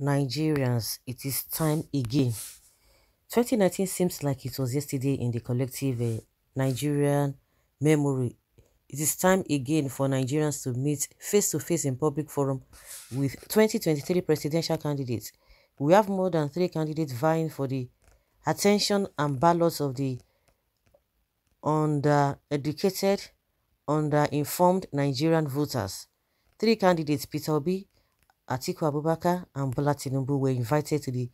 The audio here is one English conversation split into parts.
Nigerians, it is time again. 2019 seems like it was yesterday in the collective uh, Nigerian memory. It is time again for Nigerians to meet face to face in public forum with 2023 presidential candidates. We have more than three candidates vying for the attention and ballots of the under-educated, under-informed Nigerian voters. Three candidates, Peter Obi, Atiku Abubakar and Bola Tinubu were invited to the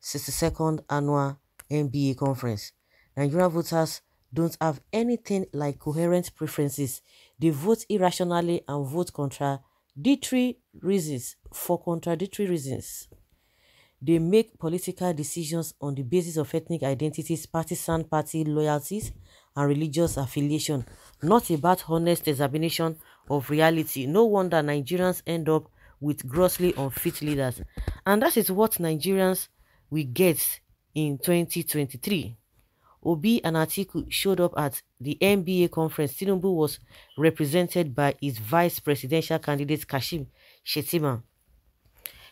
62nd Annual MBA Conference. Nigerian voters don't have anything like coherent preferences. They vote irrationally and vote contradictory reasons for contradictory reasons. They make political decisions on the basis of ethnic identities, partisan party loyalties, and religious affiliation, not about honest examination of reality. No wonder Nigerians end up with grossly unfit leaders. And that is what Nigerians will get in 2023. Obi and Atiku showed up at the NBA conference. Tinubu was represented by his vice presidential candidate Kashim Shetima.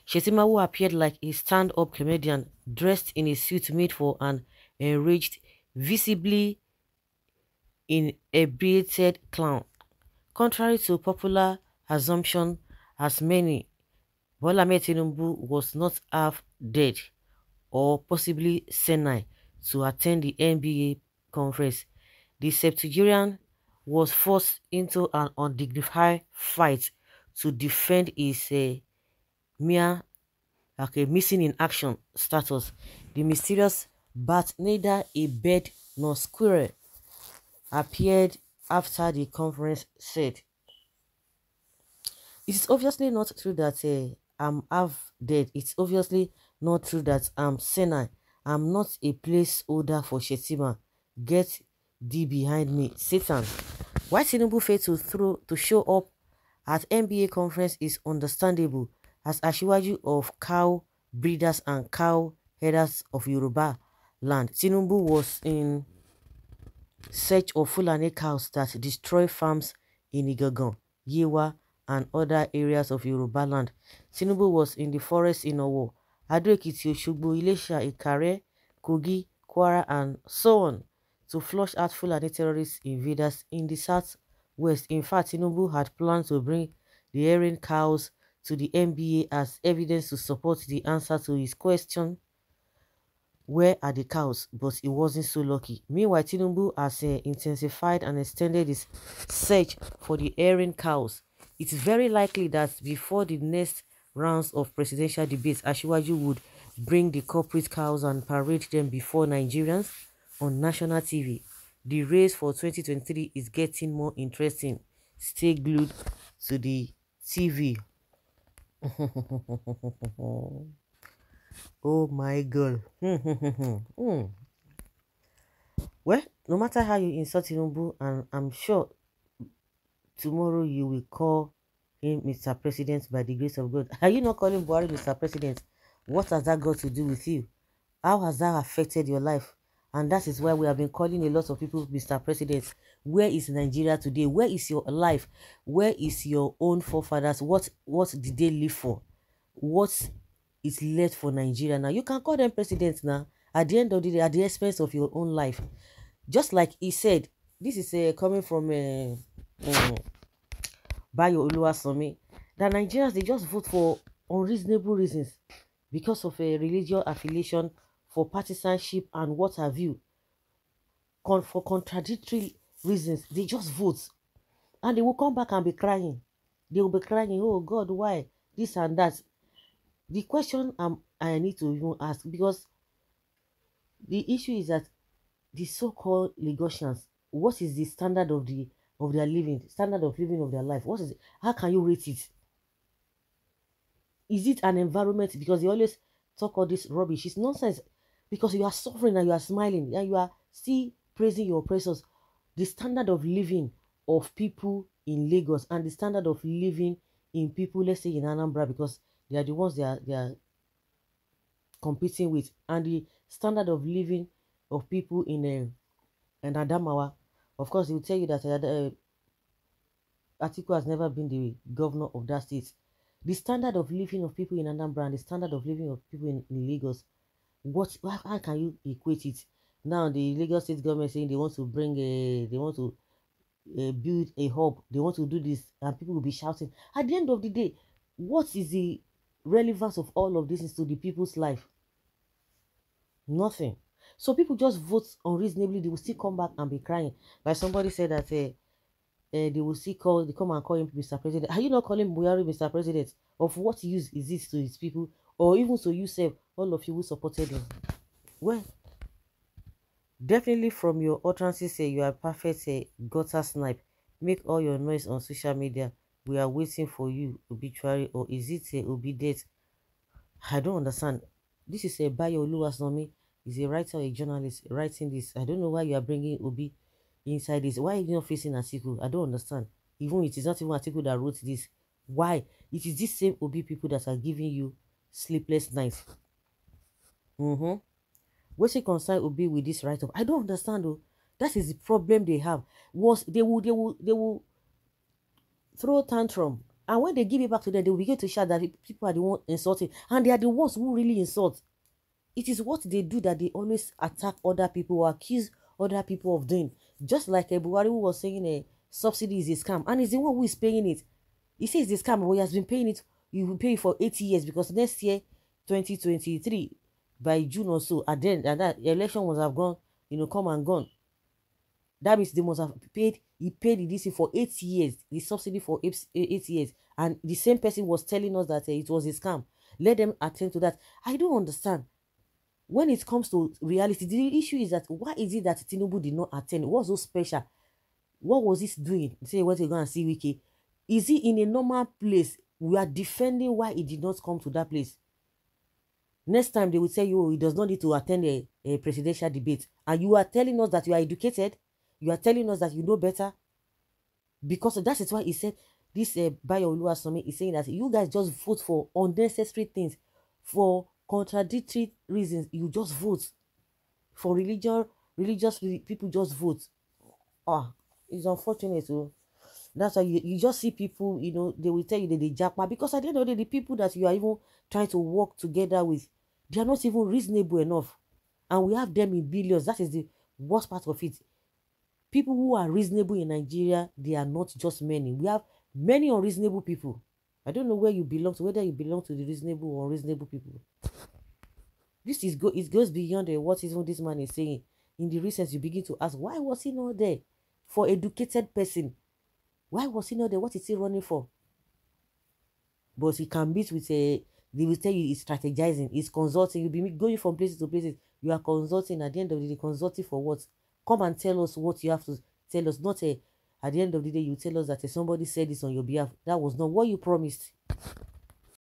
Shetima, who appeared like a stand-up comedian dressed in a suit made for an enraged, visibly inebriated clown. Contrary to popular assumption, as many, Bola Tinubu was not half dead or possibly senile to attend the NBA conference. The septuagenarian was forced into an undignified fight to defend his uh, mere okay, eh, missing in action status. The mysterious but neither a bird nor squirrel appeared after the conference said it's obviously not true that uh, I'm half dead. It's obviously not true that I'm Senai. I'm not a placeholder for Shetima. Get thee behind me, Satan. Why Tinubu failed to throw to show up at NBA conference is understandable, as Ashiwaju of cow breeders and cow herders of Yoruba land. Tinubu was in search of Fulani cows that destroy farms in Igagan, Yewa, and other areas of Yoruba Tinubu was in the forest in Owo, Ado-Ekiti, Oshogbo, Ilesha, Ikare, Kogi, Kwara, and so on to flush out Fulani terrorist invaders in the southwest. In fact, Tinubu had planned to bring the erring cows to the NBA as evidence to support the answer to his question, where are the cows? But he wasn't so lucky. Meanwhile, Tinubu has uh, intensified and extended his search for the erring cows. It's very likely that before the next rounds of presidential debates, Ashiwaju would bring the corporate cows and parade them before Nigerians on national TV. The race for 2023 is getting more interesting. Stay glued to the TV. oh my god. Hmm. Well, no matter how you insult Tinubu, and I'm sure tomorrow you will call him Mr. President by the grace of God. Are you not calling Buhari Mr. President? What has that got to do with you? How has that affected your life? And that is why we have been calling a lot of people Mr. President. Where is Nigeria today? Where is your life? Where is your own forefathers? What what did they live for? What is left for Nigeria now? You can call them presidents now at the end of the day at the expense of your own life. Just like he said, this is uh, coming from uh, um, mm. Bayo Oluwasanmi, that Nigerians they just vote for unreasonable reasons because of a religious affiliation for partisanship and what have you. Con for contradictory reasons, they just vote. And they will come back and be crying. They will be crying, oh God, why? This and that. The question um, I need to even ask because the issue is that the so-called Lagosians, what is the standard of the of their living, standard of living of their life. What is it? How can you rate it? Is it an environment? Because you always talk all this rubbish. It's nonsense. Because you are suffering and you are smiling and you are see praising your oppressors. The standard of living of people in Lagos and the standard of living in people, let's say in Anambra, because they are the ones they are they are competing with, and the standard of living of people in uh, eh, and Adamawa Of course, he will tell you that uh, uh, Atiku has never been the governor of that state. The standard of living of people in Anambra and the standard of living of people in, in Lagos, what how can you equate it? Now the Lagos state government saying they want to bring a they want to uh, build a hub. They want to do this, and people will be shouting. At the end of the day, what is the relevance of all of this is to the people's life? Nothing. So people just vote unreasonably. They will still come back and be crying. Like somebody said that uh, uh, they will see call, they come and call him Mr. President. Are you not calling Buhari Mr. President? Of what use is this to his people? Or even so you say, all of you who supported him? Well, definitely from your utterances say eh, you are perfect uh, gutter snipe. Make all your noise on social media. We are waiting for you, obituary, or is it uh, obi date? I don't understand. This is a Bayo Oluwasomi Is a writer, a journalist writing this. I don't know why you are bringing Obi inside this. Why are you not facing Atiku? I don't understand. Even it is not even Atiku that wrote this. Why? It is this same Obi people that are giving you sleepless nights. Mm-hmm. What's it concern Obi with this write-up? I don't understand though. That is the problem they have. Was they will they will they will throw tantrum. And when they give it back to them, they will begin to shout that people are the ones insulting. And they are the ones who really insult. It is what they do that they always attack other people or accuse other people of doing. Just like Ebuari eh, who was saying a eh, subsidy is a scam, and it's the one who is paying it. He says it's a scam, but he has been paying it. You will pay for 80 years because next year, 2023, by June or so, and then and that election must have gone, you know, come and gone. That means they must have paid, he paid this DC for eight years, the subsidy for eight, eight years. And the same person was telling us that uh, it was a scam. Let them attend to that. I don't understand. when it comes to reality, the issue is that why is it that Tinubu did not attend? What's so special? What was he doing? Say what you go and see Wiki. Is he in a normal place? We are defending why he did not come to that place. Next time they will tell you oh, he does not need to attend a, a presidential debate. And you are telling us that you are educated. You are telling us that you know better. Because that is why he said this uh, Bayo Oluwasomi is saying that you guys just vote for unnecessary things for contradictory reasons you just vote for religion religious people just vote ah it's unfortunate o oh. that's why you, you just see people you know they will tell you that they japa because at the end of the day the people that you are even trying to work together with they are not even reasonable enough and we have them in billions that is the worst part of it people who are reasonable in Nigeria they are not just many we have many unreasonable people I don't know where you belong to, whether you belong to the reasonable or unreasonable people. This is go it goes beyond uh, what even this man is saying. In the recent, you begin to ask, why was he not there? For educated person, why was he not there? What is he running for? But he can beat. with a eh, they will tell you he's strategizing, he's consulting, you'll be going from places to places. You are consulting at the end of the day, consulting for what? Come and tell us what you have to tell us, not a eh, at the end of the day, you tell us that somebody said this on your behalf. That was not what you promised.